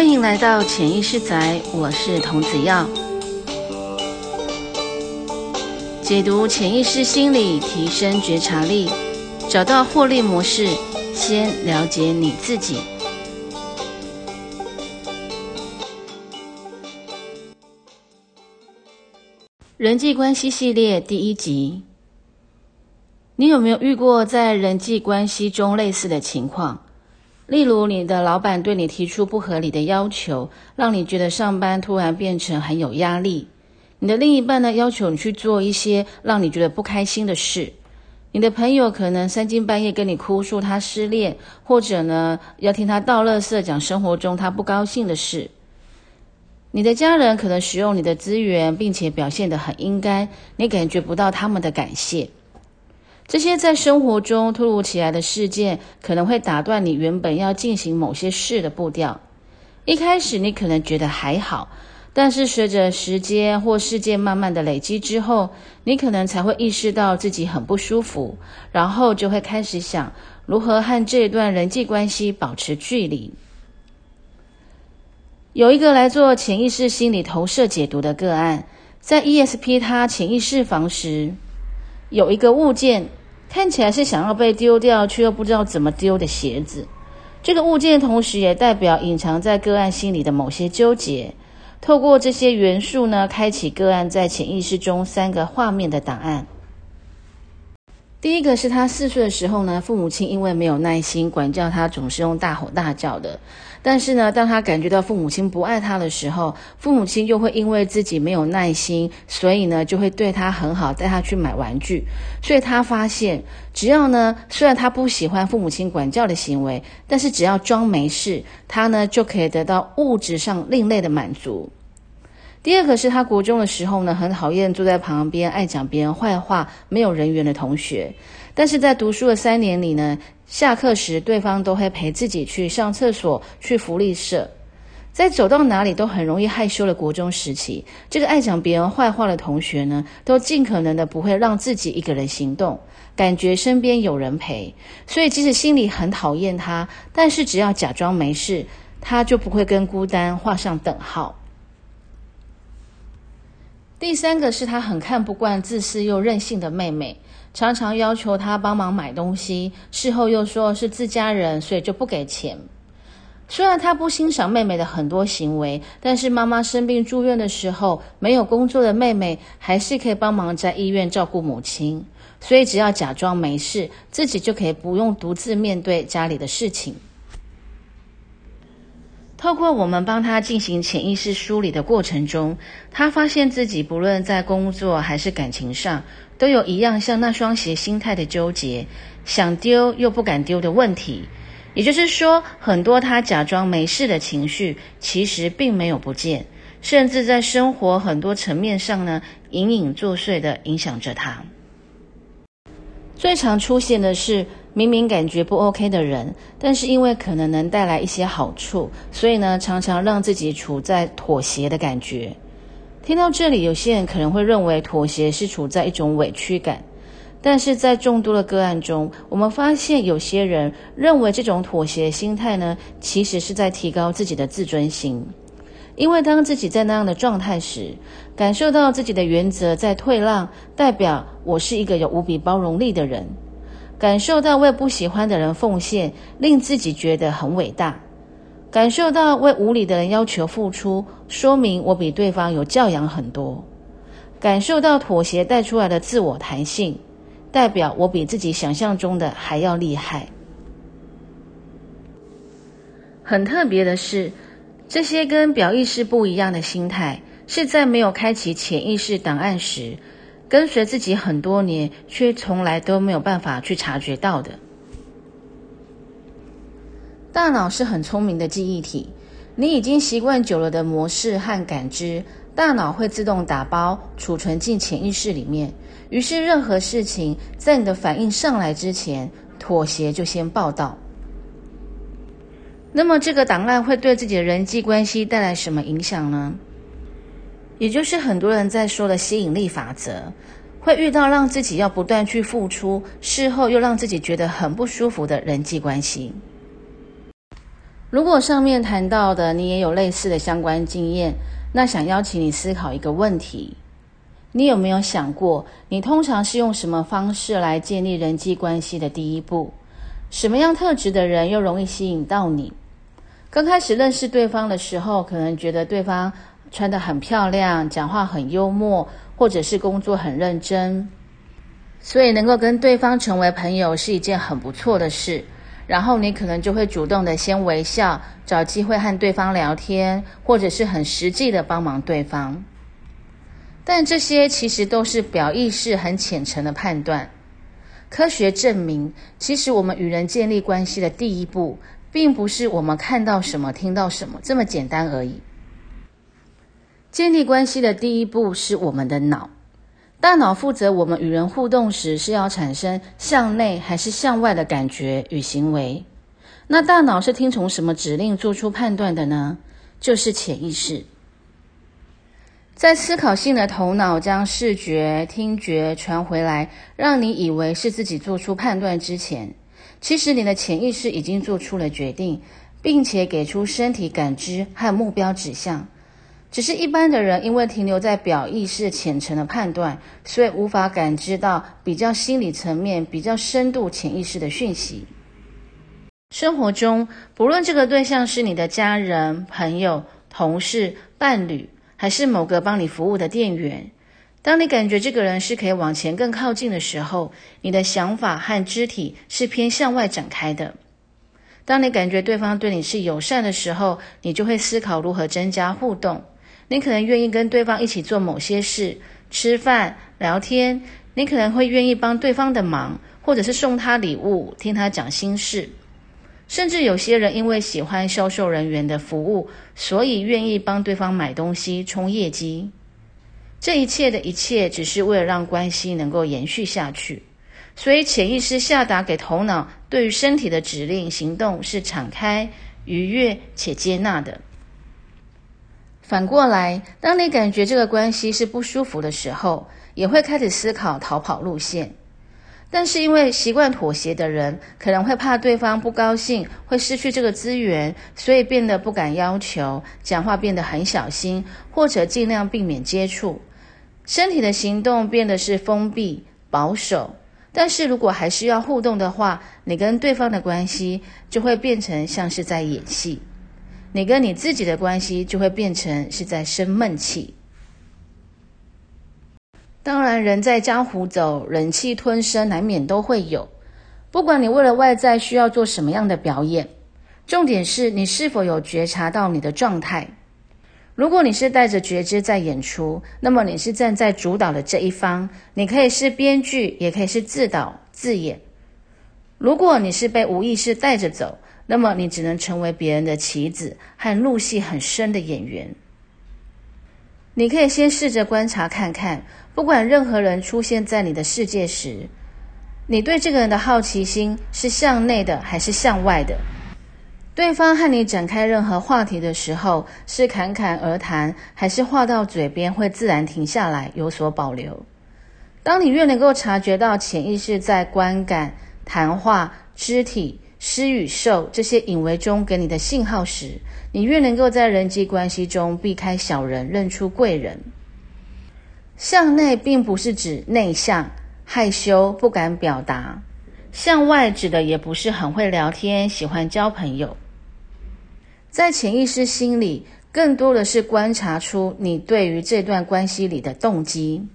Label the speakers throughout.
Speaker 1: 歡迎來到潛意識宅，我是童子耀，解讀潛意識心理，提升覺察力，找到獲利模式，先了解你自己。人際關係系列第一集，你有沒有遇過在人際關係中類似的情況？例如，你的老闆對你提出不合理的要求，讓你覺得上班突然變成很有壓力；你的另一半呢，要求你去做一些讓你覺得不開心的事；你的朋友可能三更半夜跟你哭訴他失戀，或者呢要聽他倒垃圾講生活中他不高興的事；你的家人可能使用你的資源，並且表現得很應該，你感覺不到他們的感謝。這些在生活中突如其來的事件，可能會打斷你原本要進行某些事的步調。一開始你可能覺得還好，但是隨着時間或事件慢慢的累積之後，你可能才會意識到自己很不舒服，然後就會開始想如何和這一段人際關係保持距離。有一個來做潛意識心理投射解讀的個案，在 ESP 他潛意識房時，有一個物件。看起來是想要被丟掉，卻又不知道怎麼丟的鞋子，這個物件同時也代表隱藏在個案心裡的某些糾結。透過這些元素呢，開啟個案在潛意識中三個畫面的檔案。第一個是他四歲的時候呢，父母親因為沒有耐心管教他，總是用大吼大叫的。但是呢，當他感覺到父母親不愛他的時候，父母親又會因為自己沒有耐心，所以呢，就會對他很好，帶他去買玩具。所以他發現，只要呢，雖然他不喜歡父母親管教的行為，但是只要裝沒事，他呢就可以得到物質上另類的滿足。第二個是他國中的時候呢，很討厭坐在旁邊愛講別人壞話、沒有人緣的同學。但是在讀書的三年裡呢，下課時對方都會陪自己去上廁所、去福利社。在走到哪裡都很容易害羞的國中時期，這個愛講別人壞話的同學呢，都盡可能的不會讓自己一個人行動，感覺身邊有人陪。所以即使心裡很討厭他，但是只要假裝沒事，他就不會跟孤單畫上等號。第三個是他很看不慣自私又任性的妹妹，常常要求他幫忙買東西，事後又說是自家人，所以就不給錢。雖然他不欣賞妹妹的很多行為，但是媽媽生病住院的時候，沒有工作的妹妹還是可以幫忙在醫院照顧母親，所以只要假裝沒事，自己就可以不用獨自面對家裡的事情。透過我們幫他進行潛意識梳理的過程中，他發現自己不論在工作還是感情上，都有一樣像那雙鞋心態的糾結，想丟又不敢丟的問題。也就是說，很多他假裝沒事的情緒，其實並沒有不見，甚至在生活很多層面上呢，隱隱作祟的影響着他。最常出現的是明明感覺不 OK 的人，但是因為可能能帶來一些好處，所以呢，常常讓自己處在妥協的感覺。聽到這裡，有些人可能會認為妥協是處在一種委屈感，但是在眾多的個案中，我們發現有些人認為這種妥協心態呢，其實是在提高自己的自尊心，因為當自己在那樣的狀態時，感受到自己的原則在退讓，代表。我是一個有無比包容力的人，感受到為不喜歡的人奉獻，令自己覺得很偉大；感受到為無理的人要求付出，說明我比對方有教養很多；感受到妥協帶出來的自我彈性，代表我比自己想象中的還要厲害。很特別的是，這些跟表意識不一樣的心態，是在沒有開啟潛意識檔案時。跟隨自己很多年，卻從來都沒有辦法去察覺到的。大腦是很聰明的記憶體，你已經習慣久了的模式和感知，大腦會自動打包儲存進潛意識裡面。於是，任何事情在你的反應上來之前，妥協就先報到。那麼，這個檔案會對自己的人際關係帶來什麼影響呢？也就是很多人在說的吸引力法則，會遇到讓自己要不斷去付出，事後又讓自己覺得很不舒服的人際關係。如果上面談到的你也有類似的相關經驗，那想邀請你思考一個問題：你有沒有想過，你通常是用什麼方式來建立人際關係的第一步？什麼樣特質的人又容易吸引到你？剛開始認識對方的時候，可能覺得對方穿的很漂亮，講話很幽默，或者是工作很認真，所以能夠跟對方成為朋友是一件很不錯的事。然後你可能就會主動的先微笑，找機會和對方聊天，或者是很實際的幫忙對方。但這些其實都是表意識很淺層的判斷。科學證明，其實我們與人建立關係的第一步，並不是我們看到什麼、聽到什麼這麼簡單而已。建立關係的第一步是我們的腦，大腦負責我們與人互動時，是要產生向內還是向外的感覺與行為。那大腦是聽從什麼指令做出判斷的呢？就是潛意識。在思考性的頭腦將視覺、聽覺傳回來，讓你以為是自己做出判斷之前，其實你的潛意識已經做出了決定，並且給出身體感知和目標指向。只是一般的人，因為停留在表意識、淺層的判斷，所以無法感知到比較心理層面、比較深度潛意識的訊息。生活中，不論這個對象是你的家人、朋友、同事、伴侶，還是某個幫你服務的店員，當你感覺這個人是可以往前更靠近的時候，你的想法和肢體是偏向外展開的。當你感覺對方對你是友善的時候，你就會思考如何增加互動。你可能願意跟對方一起做某些事，吃飯、聊天。你可能會願意幫對方的忙，或者是送他禮物，聽他講心事。甚至有些人因為喜歡銷售人員的服務，所以願意幫對方買東西、衝業績。這一切的一切，只是為了讓關係能夠延續下去。所以，潛意識下達給頭腦對於身體的指令，行動是敞開、愉悅且接納的。反過來，當你感覺這個關係是不舒服的時候，也會開始思考逃跑路線。但是，因為習慣妥協的人，可能會怕對方不高興，會失去這個資源，所以變得不敢要求，講話變得很小心，或者盡量避免接觸。身體的行動變得是封閉、保守。但是如果還是要互動的話，你跟對方的關係就會變成像是在演戲。你跟你自己的關係就會變成是在生悶氣。當然，人在江湖走，忍氣吞聲難免都會有。不管你為了外在需要做什麼樣的表演，重點是你是否有覺察到你的狀態。如果你是帶着覺知在演出，那麼你是站在主導的這一方，你可以是編劇，也可以是自導自演。如果你是被無意識帶着走，那麼你只能成為別人的棋子和入戲很深的演員。你可以先試着觀察看看，不管任何人出現在你的世界時，你對這個人的好奇心是向內的還是向外的？對方和你展開任何話題的時候，是侃侃而談，還是話到嘴邊會自然停下來有所保留？當你越能夠察覺到潛意識在觀感、談話、肢體、施與受這些隱微中給你的信號時，你越能夠在人際關係中避開小人，認出貴人。向內並不是指內向、害羞、不敢表達；向外指的也不是很會聊天、喜歡交朋友。在潛意識心裡，更多的是觀察出你對於這段關係裡的動機。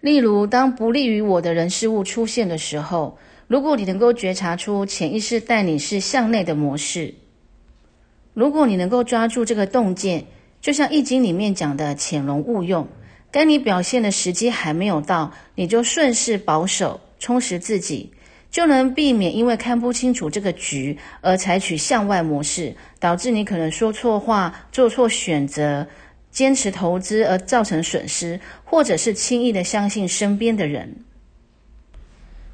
Speaker 1: 例如，當不利於我的人事物出現的時候。如果你能夠覺察出潛意識帶你是向內的模式，如果你能夠抓住這個洞見，就像《易經》裡面講的“潛龍勿用”，該你表現的時機還沒有到，你就順勢保守，充實自己，就能避免因為看不清楚這個局而採取向外模式，導致你可能說錯話、做錯選擇、堅持投資而造成損失，或者是輕易的相信身邊的人。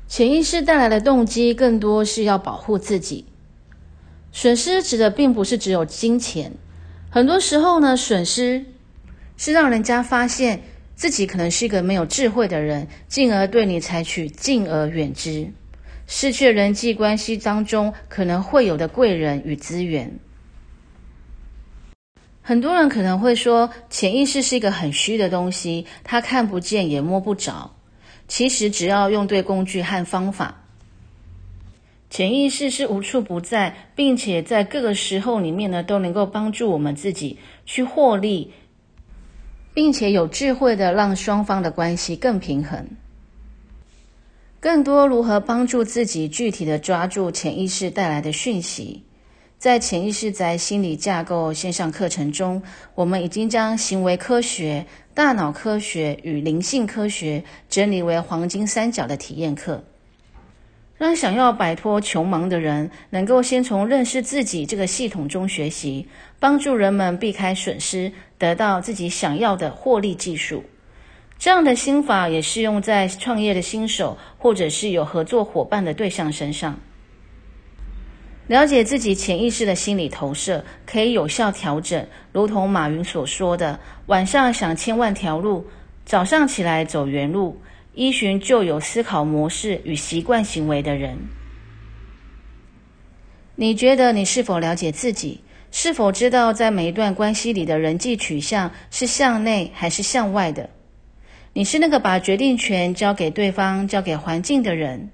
Speaker 1: 潛意識帶來的動機，更多是要保護自己。損失指的並不是只有金錢，很多時候呢，損失是讓人家發現自己可能是一個沒有智慧的人，進而對你採取敬而遠之，失去人際關係當中可能會有的貴人與資源。很多人可能會說，潛意識是一個很虛的東西，它看不見也摸不着。其實只要用對工具和方法，潛意識是無處不在，並且在各個時候裡面呢，都能夠幫助我們自己去獲利，並且有智慧的讓雙方的關係更平衡。更多如何幫助自己具體的抓住潛意識帶來的訊息。在潛意識在心理架構線上課程中，我們已經將行為科學、大腦科學與靈性科學整理為黃金三角的體驗課，讓想要擺脫窮忙的人能夠先從認識自己這個系統中學習，幫助人們避開損失，得到自己想要的獲利技術。這樣的心法也適用在創業的新手或者是有合作夥伴的對象身上。了解自己潛意識的心理投射，可以有效調整。如同馬雲所說的：“晚上想千萬條路，早上起來走原路。”依循舊有思考模式與習慣行為的人，你覺得你是否了解自己？是否知道在每一段關係裡的人際取向是向內還是向外的？你是那個把決定權交給對方、交給環境的人？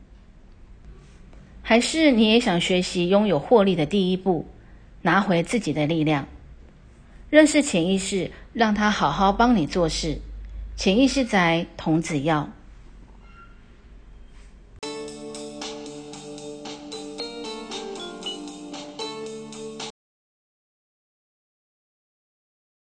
Speaker 1: 還是你也想學習擁有獲利的第一步，拿回自己的力量，認識潛意識，讓他好好幫你做事。潛意識在童子藥。